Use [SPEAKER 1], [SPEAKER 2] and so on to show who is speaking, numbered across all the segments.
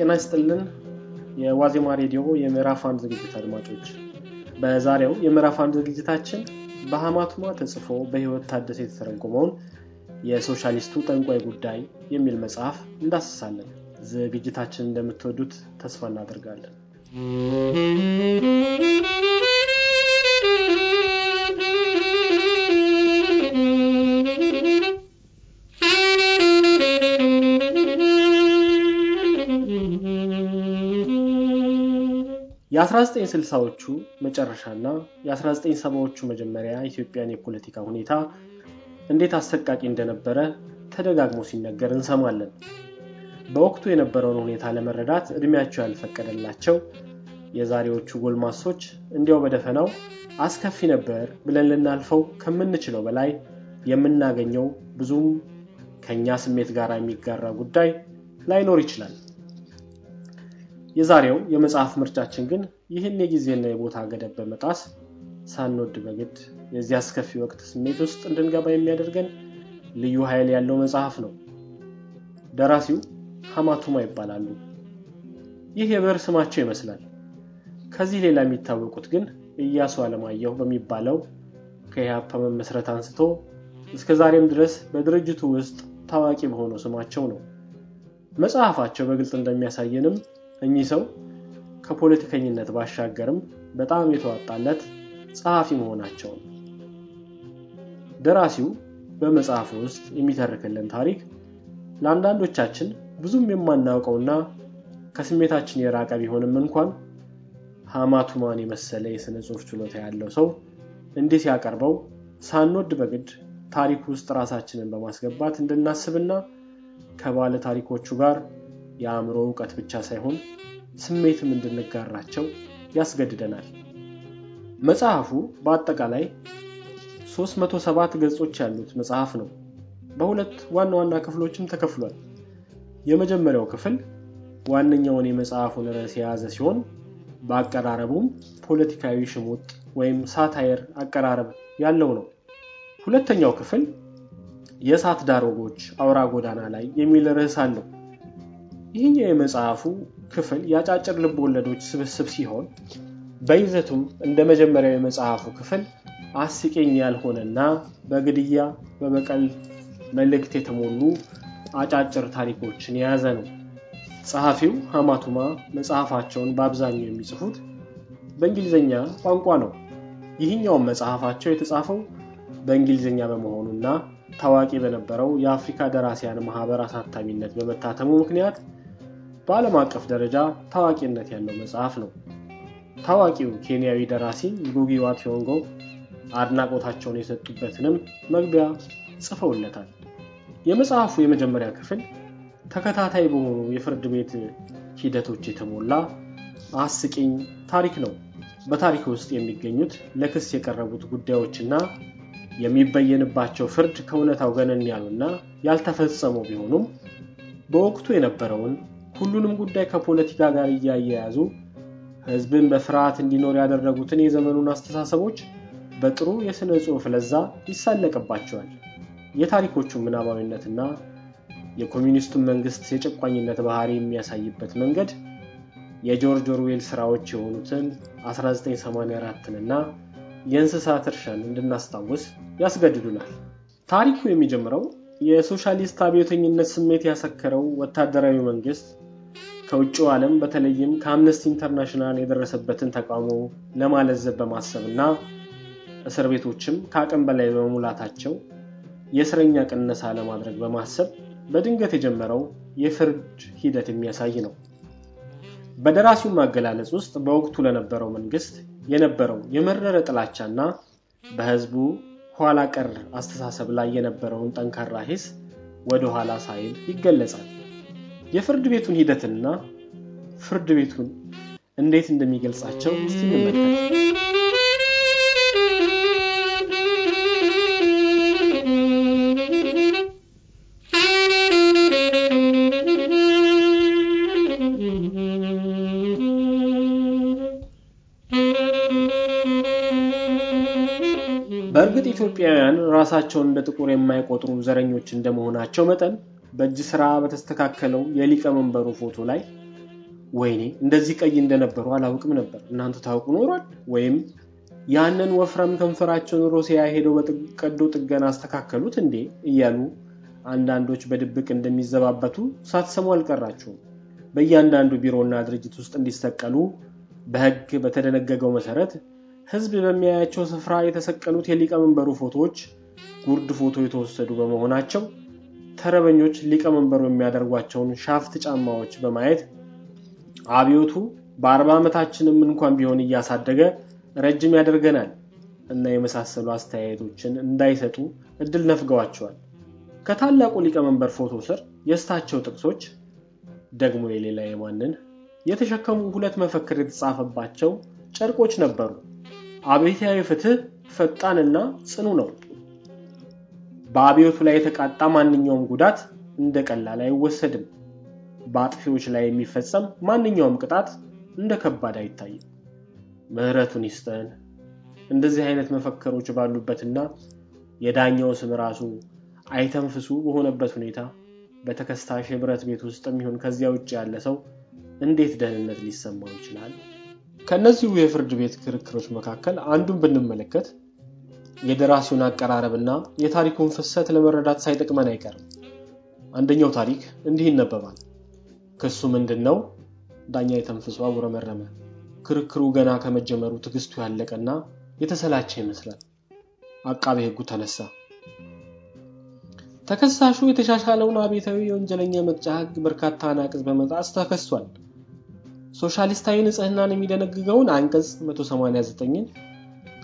[SPEAKER 1] ጤና ይስጥልን። የዋዜማ ሬዲዮ የምዕራፍ አንድ ዝግጅት አድማጮች፣ በዛሬው የምዕራፍ አንድ ዝግጅታችን በሀማቱማ ተጽፎ በህይወት ታደሰ የተተረጎመውን የሶሻሊስቱ ጠንቋይ ጉዳይ የሚል መጽሐፍ እንዳስሳለን። ዝግጅታችን እንደምትወዱት ተስፋ እናደርጋለን። የ1960ዎቹ መጨረሻና የ1970ዎቹ መጀመሪያ ኢትዮጵያን የፖለቲካ ሁኔታ እንዴት አሰቃቂ እንደነበረ ተደጋግሞ ሲነገር እንሰማለን። በወቅቱ የነበረውን ሁኔታ ለመረዳት እድሜያቸው ያልፈቀደላቸው የዛሬዎቹ ጎልማሶች እንዲያው በደፈናው አስከፊ ነበር ብለን ልናልፈው ከምንችለው በላይ የምናገኘው ብዙም ከእኛ ስሜት ጋር የሚጋራ ጉዳይ ላይኖር ይችላል። የዛሬው የመጽሐፍ ምርጫችን ግን ይህን የጊዜና የቦታ ገደብ በመጣስ ሳንወድ በግድ የዚህ አስከፊ ወቅት ስሜት ውስጥ እንድንገባ የሚያደርገን ልዩ ኃይል ያለው መጽሐፍ ነው። ደራሲው ሀማቱማ ይባላሉ። ይህ የበር ስማቸው ይመስላል። ከዚህ ሌላ የሚታወቁት ግን እያሱ አለማየሁ በሚባለው ከኢህአፓ መመስረት አንስቶ እስከ ዛሬም ድረስ በድርጅቱ ውስጥ ታዋቂ በሆነው ስማቸው ነው። መጽሐፋቸው በግልጽ እንደሚያሳየንም እኚህ ሰው ከፖለቲከኝነት ባሻገርም በጣም የተዋጣለት ጸሐፊ መሆናቸው ነው። ደራሲው በመጽሐፉ ውስጥ የሚተርክልን ታሪክ ለአንዳንዶቻችን ብዙም የማናውቀውና ከስሜታችን የራቀ ቢሆንም እንኳን ሀማቱማን የመሰለ የሥነ ጽሑፍ ችሎታ ያለው ሰው እንዲህ ሲያቀርበው ሳንወድ በግድ ታሪክ ውስጥ ራሳችንን በማስገባት እንድናስብና ከባለ ታሪኮቹ ጋር የአእምሮ እውቀት ብቻ ሳይሆን ስሜትም እንድንጋራቸው ያስገድደናል። መጽሐፉ በአጠቃላይ 307 ገጾች ያሉት መጽሐፍ ነው። በሁለት ዋና ዋና ክፍሎችም ተከፍሏል። የመጀመሪያው ክፍል ዋነኛውን የመጽሐፉን ርዕስ የያዘ ሲሆን በአቀራረቡም ፖለቲካዊ ሽሙጥ ወይም ሳታየር አቀራረብ ያለው ነው። ሁለተኛው ክፍል የእሳት ዳር ወጎች አውራ ጎዳና ላይ የሚል ርዕስ አለው። ይህኛው የመጽሐፉ ክፍል የአጫጭር ልብ ወለዶች ስብስብ ሲሆን በይዘቱም እንደ መጀመሪያው የመጽሐፉ ክፍል አስቂኝ ያልሆነና በግድያ በበቀል መልእክት የተሞሉ አጫጭር ታሪኮችን የያዘ ነው። ጸሐፊው ሀማቱማ መጽሐፋቸውን በአብዛኛው የሚጽፉት በእንግሊዝኛ ቋንቋ ነው። ይህኛውን መጽሐፋቸው የተጻፈው በእንግሊዝኛ በመሆኑና ታዋቂ በነበረው የአፍሪካ ደራሲያን ማህበር አሳታሚነት በመታተሙ ምክንያት በዓለም አቀፍ ደረጃ ታዋቂነት ያለው መጽሐፍ ነው። ታዋቂው ኬንያዊ ደራሲ ngugi wa አድናቆታቸውን የሰጡበትንም መግቢያ ጽፈውለታል። የመጽሐፉ የመጀመሪያ ክፍል ተከታታይ በሆኑ የፍርድ ቤት ሂደቶች የተሞላ አስቂኝ ታሪክ ነው። በታሪክ ውስጥ የሚገኙት ለክስ የቀረቡት ጉዳዮችና የሚበየንባቸው ፍርድ ከእውነታው ገነን ያሉና ያልተፈጸሙ ቢሆኑም በወቅቱ የነበረውን ሁሉንም ጉዳይ ከፖለቲካ ጋር እያያያዙ ህዝብን በፍርሃት እንዲኖር ያደረጉትን የዘመኑን አስተሳሰቦች በጥሩ የሥነ ጽሑፍ ለዛ ይሳለቅባቸዋል። የታሪኮቹን ምናባዊነትና የኮሚኒስቱን መንግስት የጨቋኝነት ባህሪ የሚያሳይበት መንገድ የጆርጅ ኦርዌል ስራዎች የሆኑትን 1984ንና የእንስሳት እርሻን እንድናስታውስ ያስገድዱናል። ታሪኩ የሚጀምረው የሶሻሊስት አብዮተኝነት ስሜት ያሰከረው ወታደራዊ መንግስት ከውጭው ዓለም በተለይም ከአምነስቲ ኢንተርናሽናል የደረሰበትን ተቃውሞ ለማለዘብ በማሰብ እና እስር ቤቶችም ከአቅም በላይ በመሙላታቸው የእስረኛ ቅነሳ ለማድረግ በማሰብ በድንገት የጀመረው የፍርድ ሂደት የሚያሳይ ነው። በደራሲው ማገላለጽ ውስጥ በወቅቱ ለነበረው መንግስት የነበረው የመረረ ጥላቻ ና በህዝቡ ኋላ ቀር አስተሳሰብ ላይ የነበረውን ጠንካራ ሂስ ወደ ኋላ ሳይል ይገለጻል። የፍርድ ቤቱን ሂደትና ፍርድ ቤቱን እንዴት እንደሚገልጻቸው ስ በእርግጥ ኢትዮጵያውያን ራሳቸውን እንደ ጥቁር የማይቆጥሩ ዘረኞች እንደመሆናቸው መጠን በእጅ ስራ በተስተካከለው የሊቀ መንበሩ ፎቶ ላይ ወይኔ እንደዚህ ቀይ እንደነበሩ አላውቅም ነበር፣ እናንተ ታውቁ ኖሯል። ወይም ያንን ወፍረም ከንፈራቸውን ሮሲያ ሄደው በቀዶ ጥገና አስተካከሉት እንዴ እያሉ አንዳንዶች በድብቅ እንደሚዘባበቱ ሳትሰሙ አልቀራቸውም በእያንዳንዱ ቢሮና ድርጅት ውስጥ እንዲሰቀሉ በህግ በተደነገገው መሰረት ህዝብ በሚያያቸው ስፍራ የተሰቀሉት የሊቀመንበሩ ፎቶዎች ጉርድ ፎቶ የተወሰዱ በመሆናቸው ተረበኞች ሊቀመንበሩ የሚያደርጓቸውን ሻፍት ጫማዎች በማየት አብዮቱ በአርባ ዓመታችንም እንኳን ቢሆን እያሳደገ ረጅም ያደርገናል እና የመሳሰሉ አስተያየቶችን እንዳይሰጡ እድል ነፍገዋቸዋል። ከታላቁ ሊቀመንበር ፎቶ ስር የስታቸው ጥቅሶች ደግሞ የሌላ የማንን የተሸከሙ ሁለት መፈክር የተጻፈባቸው ጨርቆች ነበሩ። አቤታዊ ፍትህ ፈጣንና ጽኑ ነው። በአብዮቱ ላይ የተቃጣ ማንኛውም ጉዳት እንደ ቀላል አይወሰድም። በአጥፊዎች ላይ የሚፈጸም ማንኛውም ቅጣት እንደ ከባድ አይታይም። ምህረቱን ይስጠን። እንደዚህ አይነት መፈከሮች ባሉበትና የዳኛው ስም ራሱ አይተንፍሱ በሆነበት ሁኔታ በተከሳሽ ህብረት ቤት ውስጥ የሚሆን ከዚያ ውጭ ያለ ሰው እንዴት ደህንነት ሊሰማው ይችላል? ከእነዚሁ የፍርድ ቤት ክርክሮች መካከል አንዱን ብንመለከት የደራሲውን አቀራረብና የታሪኩን ፍሰት ለመረዳት ሳይጠቅመን አይቀርም። አንደኛው ታሪክ እንዲህ ይነበባል። ክሱ ምንድን ነው? ዳኛ የተንፍሶ አጉረመረመ። ክርክሩ ገና ከመጀመሩ ትግስቱ ያለቀና የተሰላቸ ይመስላል። አቃቤ ሕጉ ተነሳ። ተከሳሹ የተሻሻለውን አቤታዊ የወንጀለኛ መቅጫ ሕግ በርካታ አናቅጽ በመጣስ ተከሷል። ሶሻሊስታዊ ንጽህናን የሚደነግገውን አንቀጽ 189ን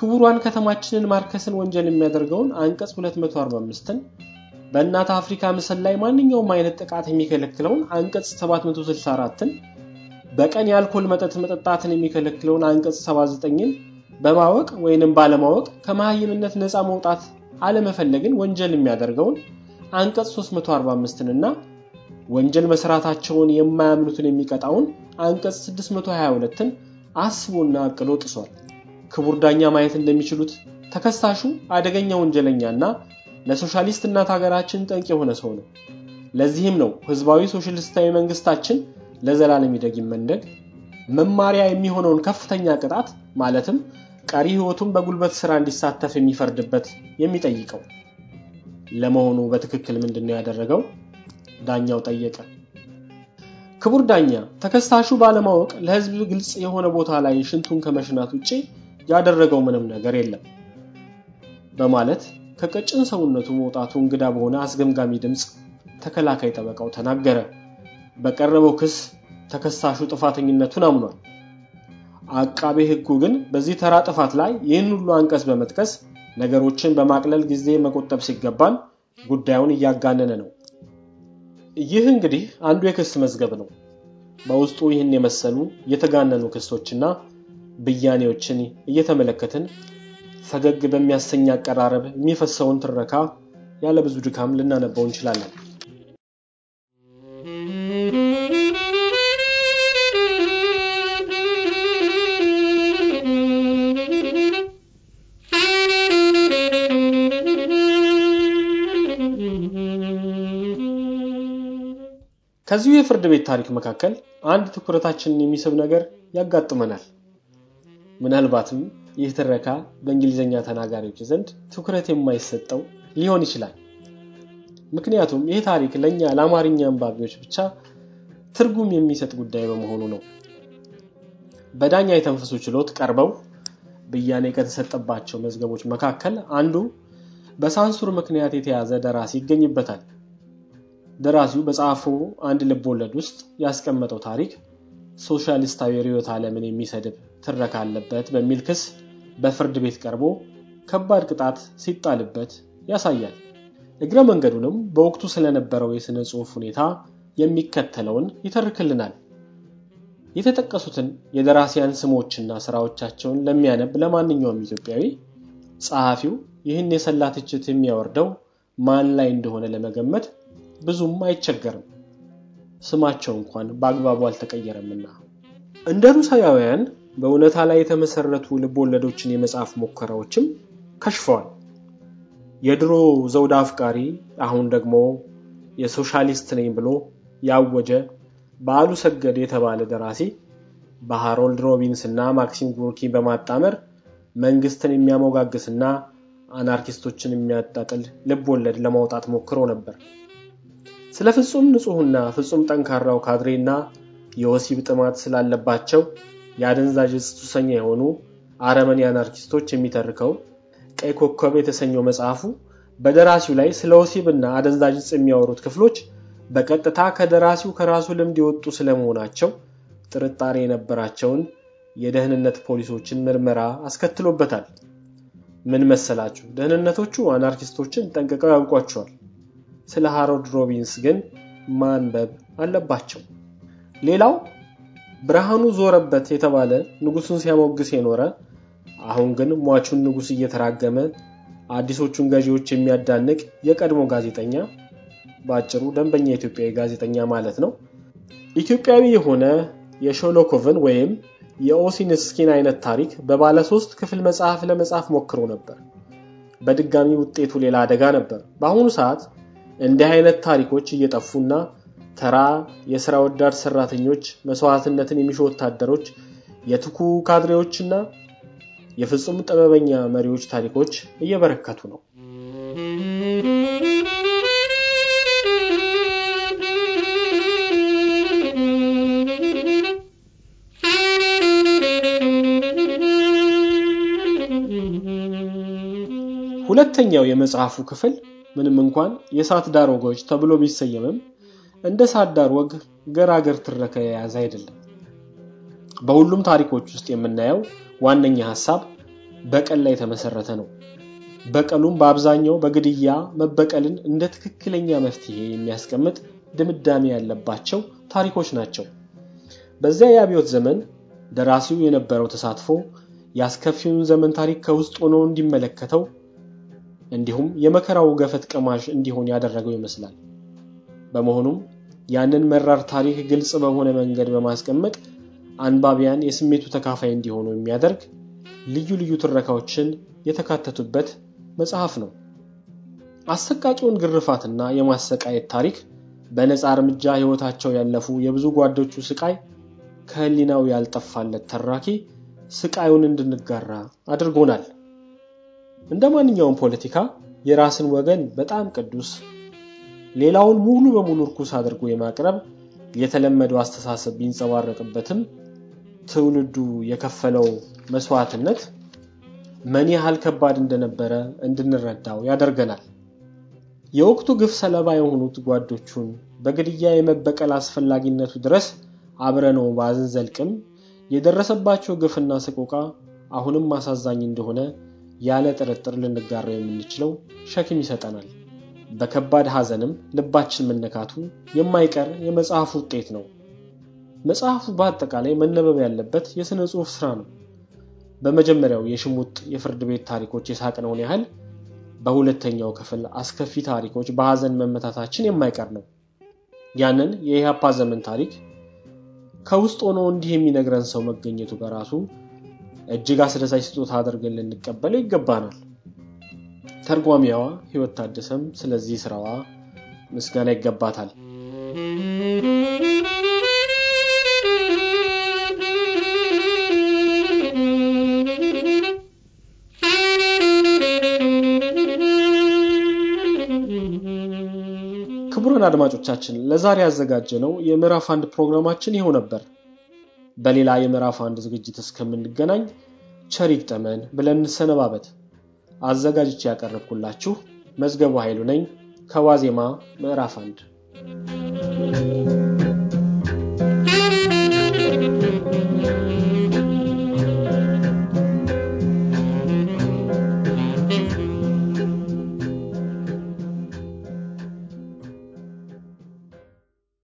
[SPEAKER 1] ክቡሯን ከተማችንን ማርከስን ወንጀል የሚያደርገውን አንቀጽ 245ን በእናት አፍሪካ ምስል ላይ ማንኛውም አይነት ጥቃት የሚከለክለውን አንቀጽ 764ን በቀን የአልኮል መጠጥ መጠጣትን የሚከለክለውን አንቀጽ 79ን በማወቅ ወይንም ባለማወቅ ከመሐይምነት ነፃ መውጣት አለመፈለግን ወንጀል የሚያደርገውን አንቀጽ 345ን እና ወንጀል መስራታቸውን የማያምኑትን የሚቀጣውን አንቀጽ 622ን አስቦና አቅሎ ጥሷል። ክቡር ዳኛ ማየት እንደሚችሉት ተከሳሹ አደገኛ ወንጀለኛና ለሶሻሊስት እናት ሀገራችን ጠንቅ የሆነ ሰው ነው። ለዚህም ነው ህዝባዊ ሶሻሊስታዊ መንግስታችን ለዘላለም ይደግ ይመንደግ መማሪያ የሚሆነውን ከፍተኛ ቅጣት ማለትም ቀሪ ህይወቱን በጉልበት ስራ እንዲሳተፍ የሚፈርድበት የሚጠይቀው። ለመሆኑ በትክክል ምንድነው ያደረገው? ዳኛው ጠየቀ። ክቡር ዳኛ፣ ተከሳሹ ባለማወቅ ለህዝብ ግልጽ የሆነ ቦታ ላይ ሽንቱን ከመሽናት ውጭ ያደረገው ምንም ነገር የለም በማለት ከቀጭን ሰውነቱ መውጣቱ እንግዳ በሆነ አስገምጋሚ ድምፅ ተከላካይ ጠበቃው ተናገረ። በቀረበው ክስ ተከሳሹ ጥፋተኝነቱን አምኗል። አቃቤ ህጉ ግን በዚህ ተራ ጥፋት ላይ ይህን ሁሉ አንቀስ በመጥቀስ ነገሮችን በማቅለል ጊዜ መቆጠብ ሲገባን ጉዳዩን እያጋነነ ነው። ይህ እንግዲህ አንዱ የክስ መዝገብ ነው። በውስጡ ይህን የመሰሉ የተጋነኑ ክሶችና ብያኔዎችን እየተመለከትን ፈገግ በሚያሰኝ አቀራረብ የሚፈሰውን ትረካ ያለ ብዙ ድካም ልናነበው እንችላለን። ከዚሁ የፍርድ ቤት ታሪክ መካከል አንድ ትኩረታችንን የሚስብ ነገር ያጋጥመናል። ምናልባትም ይህ ትረካ በእንግሊዝኛ ተናጋሪዎች ዘንድ ትኩረት የማይሰጠው ሊሆን ይችላል። ምክንያቱም ይህ ታሪክ ለእኛ ለአማርኛ አንባቢዎች ብቻ ትርጉም የሚሰጥ ጉዳይ በመሆኑ ነው። በዳኛ የተንፈሱ ችሎት ቀርበው ብያኔ ከተሰጠባቸው መዝገቦች መካከል አንዱ በሳንሱር ምክንያት የተያዘ ደራሲ ይገኝበታል። ደራሲው በጻፈው አንድ ልብ ወለድ ውስጥ ያስቀመጠው ታሪክ ሶሻሊስታዊ ርዕዮተ አለምን የሚሰድብ ትረካ አለበት በሚል ክስ በፍርድ ቤት ቀርቦ ከባድ ቅጣት ሲጣልበት ያሳያል። እግረ መንገዱንም በወቅቱ ስለነበረው የሥነ ጽሑፍ ሁኔታ የሚከተለውን ይተርክልናል። የተጠቀሱትን የደራሲያን ስሞችና ሥራዎቻቸውን ለሚያነብ ለማንኛውም ኢትዮጵያዊ ጸሐፊው ይህን የሰላ ትችት የሚያወርደው ማን ላይ እንደሆነ ለመገመት ብዙም አይቸገርም፣ ስማቸው እንኳን በአግባቡ አልተቀየረምና። እንደ ሩሳውያን በእውነታ ላይ የተመሰረቱ ልቦወለዶችን የመጽሐፍ ሙከራዎችም ከሽፈዋል። የድሮ ዘውድ አፍቃሪ አሁን ደግሞ የሶሻሊስት ነኝ ብሎ ያወጀ በዓሉ ሰገድ የተባለ ደራሲ በሃሮልድ ሮቢንስ እና ማክሲም ጉርኪ በማጣመር መንግስትን የሚያሞጋግስና አናርኪስቶችን የሚያጣጥል ልብ ወለድ ለማውጣት ሞክሮ ነበር። ስለ ፍጹም ንጹህና ፍጹም ጠንካራው ካድሬና የወሲብ ጥማት ስላለባቸው የአደንዛዥ እጽ ሱሰኛ የሆኑ አረመኔ አናርኪስቶች የሚተርከው ቀይ ኮከብ የተሰኘው መጽሐፉ በደራሲው ላይ ስለ ወሲብና አደንዛዥ የሚያወሩት ክፍሎች በቀጥታ ከደራሲው ከራሱ ልምድ የወጡ ስለመሆናቸው ጥርጣሬ የነበራቸውን የደህንነት ፖሊሶችን ምርመራ አስከትሎበታል። ምን መሰላችሁ? ደህንነቶቹ አናርኪስቶችን ጠንቅቀው ያውቋቸዋል። ስለ ሃሮድ ሮቢንስ ግን ማንበብ አለባቸው። ሌላው ብርሃኑ ዞረበት የተባለ ንጉሱን ሲያሞግስ የኖረ አሁን ግን ሟቹን ንጉስ እየተራገመ አዲሶቹን ገዢዎች የሚያዳንቅ የቀድሞ ጋዜጠኛ በአጭሩ ደንበኛ ኢትዮጵያዊ ጋዜጠኛ ማለት ነው። ኢትዮጵያዊ የሆነ የሾሎኮቭን ወይም የኦሲንስኪን አይነት ታሪክ በባለ ክፍል መጽሐፍ ለመጻፍ ሞክሮ ነበር። በድጋሚ ውጤቱ ሌላ አደጋ ነበር። በአሁኑ ሰዓት እንዲህ አይነት ታሪኮች እየጠፉና ተራ የሥራ ወዳድ ሠራተኞች፣ መሥዋዕትነትን የሚሹ ወታደሮች፣ የትኩ ካድሬዎችና የፍጹም ጥበበኛ መሪዎች ታሪኮች እየበረከቱ ነው። ሁለተኛው የመጽሐፉ ክፍል ምንም እንኳን የእሳት ዳር ወጎች ተብሎ ቢሰየምም እንደ ሳዳር ወግ ገራገር ትረከ የያዘ አይደለም። በሁሉም ታሪኮች ውስጥ የምናየው ዋነኛ ሀሳብ በቀል ላይ የተመሰረተ ነው። በቀሉም በአብዛኛው በግድያ መበቀልን እንደ ትክክለኛ መፍትሄ የሚያስቀምጥ ድምዳሜ ያለባቸው ታሪኮች ናቸው። በዚያ የአብዮት ዘመን ደራሲው የነበረው ተሳትፎ የአስከፊውን ዘመን ታሪክ ከውስጥ ሆኖ እንዲመለከተው እንዲሁም የመከራው ገፈት ቀማሽ እንዲሆን ያደረገው ይመስላል። በመሆኑም ያንን መራር ታሪክ ግልጽ በሆነ መንገድ በማስቀመጥ አንባቢያን የስሜቱ ተካፋይ እንዲሆኑ የሚያደርግ ልዩ ልዩ ትረካዎችን የተካተቱበት መጽሐፍ ነው። አሰቃቂውን ግርፋትና የማሰቃየት ታሪክ በነፃ እርምጃ ሕይወታቸው ያለፉ የብዙ ጓዶቹ ስቃይ ከህሊናው ያልጠፋለት ተራኪ ስቃዩን እንድንጋራ አድርጎናል። እንደ ማንኛውም ፖለቲካ የራስን ወገን በጣም ቅዱስ ሌላውን ሙሉ በሙሉ እርኩስ አድርጎ የማቅረብ የተለመደው አስተሳሰብ ቢንጸባረቅበትም ትውልዱ የከፈለው መስዋዕትነት ምን ያህል ከባድ እንደነበረ እንድንረዳው ያደርገናል። የወቅቱ ግፍ ሰለባ የሆኑት ጓዶቹን በግድያ የመበቀል አስፈላጊነቱ ድረስ አብረነው ባዝን ዘልቅም የደረሰባቸው ግፍና ስቆቃ አሁንም አሳዛኝ እንደሆነ ያለ ጥርጥር ልንጋራ የምንችለው ሸክም ይሰጠናል። በከባድ ሐዘንም ልባችን መነካቱ የማይቀር የመጽሐፍ ውጤት ነው። መጽሐፉ በአጠቃላይ መነበብ ያለበት የሥነ ጽሑፍ ሥራ ነው። በመጀመሪያው የሽሙጥ የፍርድ ቤት ታሪኮች የሳቅነውን ያህል በሁለተኛው ክፍል አስከፊ ታሪኮች በሐዘን መመታታችን የማይቀር ነው። ያንን የኢህአፓ ዘመን ታሪክ ከውስጥ ሆኖ እንዲህ የሚነግረን ሰው መገኘቱ በራሱ እጅግ አስደሳች ስጦታ አድርገን ልንቀበለው ይገባናል። ተርጓሚዋ ህይወት ታደሰም ስለዚህ ስራዋ ምስጋና ይገባታል። ክቡራን አድማጮቻችን ለዛሬ ያዘጋጀነው የምዕራፍ አንድ ፕሮግራማችን ይኸው ነበር። በሌላ የምዕራፍ አንድ ዝግጅት እስከምንገናኝ ቸር ጠመን ብለን እንሰነባበት። አዘጋጅቼ ያቀረብኩላችሁ መዝገቡ ኃይሉ ነኝ ከዋዜማ ምዕራፍ አንድ